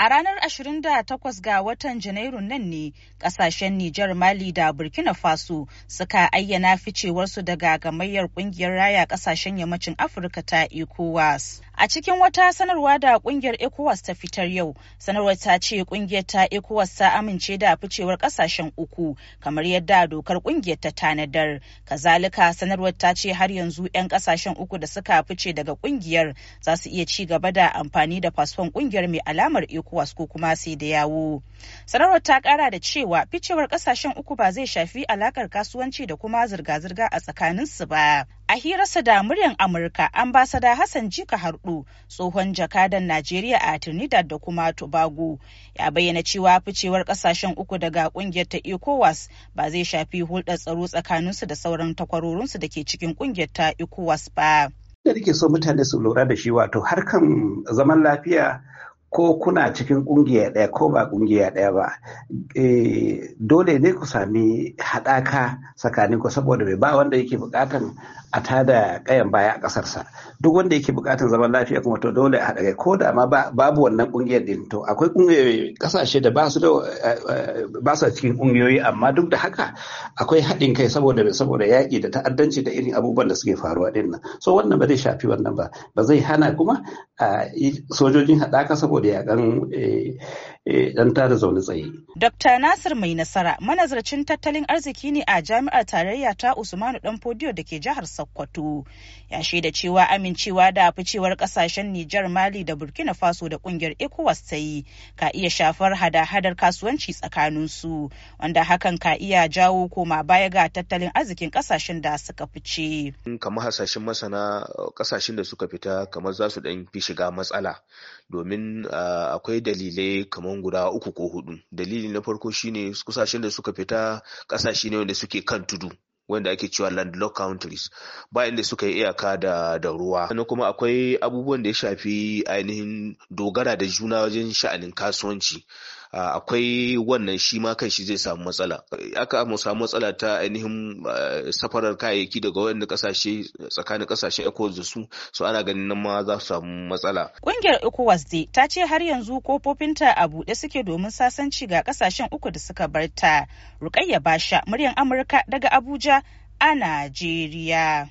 A ranar 28 ga watan Janairun nan ne kasashen Nijar Mali da Burkina Faso suka ayyana ficewarsu daga gamayyar kungiyar raya kasashen yammacin Afirka ta ECOWAS. A cikin wata sanarwa da kungiyar ECOWAS ta fitar yau, sanarwar ta ce kungiyar ta ECOWAS ta amince da ficewar kasashen uku kamar yadda dokar kungiyar ta tanadar. Kazalika sanarwar ta ce har yanzu 'yan kasashen uku da suka fice daga kungiyar za su iya ci gaba da amfani da fasfon kungiyar mai alamar ECOWAS ko kuma sai da yawo. Sanarwar ta kara da cewa ficewar kasashen uku ba zai shafi alakar kasuwanci da kuma zirga-zirga a tsakaninsu ba. A hirarsa da muryar Amurka, ambasada Hassan Jika Hardu, tsohon jakadan Najeriya a Trinidad da kuma Tobago, ya bayyana cewa ficewar ƙasashen uku daga ƙungiyar ta ECOWAS ba zai shafi hulɗar tsaro tsakaninsu da sauran takwarorinsu da ke cikin kungiyar ta ECOWAS ba. Da ke so mutane su lura da shi wato harkan zaman lafiya ko kuna cikin kungiya ɗaya ko ba kungiya ɗaya ba eh, dole ne ku sami haɗaka tsakanin ku saboda bai ba wanda yake buƙatan a tada ƙayan baya a ƙasarsa duk wanda yake buƙatan zaman lafiya kuma to dole a haɗa kai ko da ma babu wannan kungiyar din to akwai ƙasashe da ba su da eh, cikin kungiyoyi amma duk da haka akwai haɗin kai saboda saboda yaƙi da ta'addanci da irin abubuwan da suke faruwa din nan so wannan ba zai shafi wannan ba ba zai hana kuma eh, sojojin haɗaka saboda saboda yaƙan eh, Eh, dan tada zaune tsaye. Dr. Nasir Mai Nasara manazarcin tattalin arziki ne a Jami'ar Tarayya ta Usmanu Fodiyo da ke jihar Sokoto. Ya shaida cewa amincewa da ficewar kasashen Nijar, Mali da Burkina Faso da kungiyar ECOWAS ta yi ka iya shafar hada-hadar kasuwanci tsakanin su wanda hakan ka iya jawo koma baya ga tattalin arzikin kasashen da suka fice. Kamar hasashen masana uh, kasashen da suka fita kamar za su dan fi shiga matsala domin uh, akwai dalilai kamar guda uku ko hudu dalili na farko shine kusashen da suka fita kasashe ne wanda suke kan tudu wanda ake cewa landlocked countries ba inda suka yi iyaka da, da ruwa sannan kuma akwai abubuwan da ya shafi ainihin dogara da juna wajen sha'anin kasuwanci Ah, akwai wannan shi ma kan shi zai samu matsala aka mu samu matsala ta ainihin ah, safarar kayayyaki daga wani kasashe tsakanin kasashen ecowas da su so ana ganin nan ma za su samu matsala ƙungiyar ecowas dai ta ce har yanzu kofofinta a buɗe suke domin sasanci ga kasashen uku da suka bar ta rukayya basha muryan amurka daga abuja a najeriya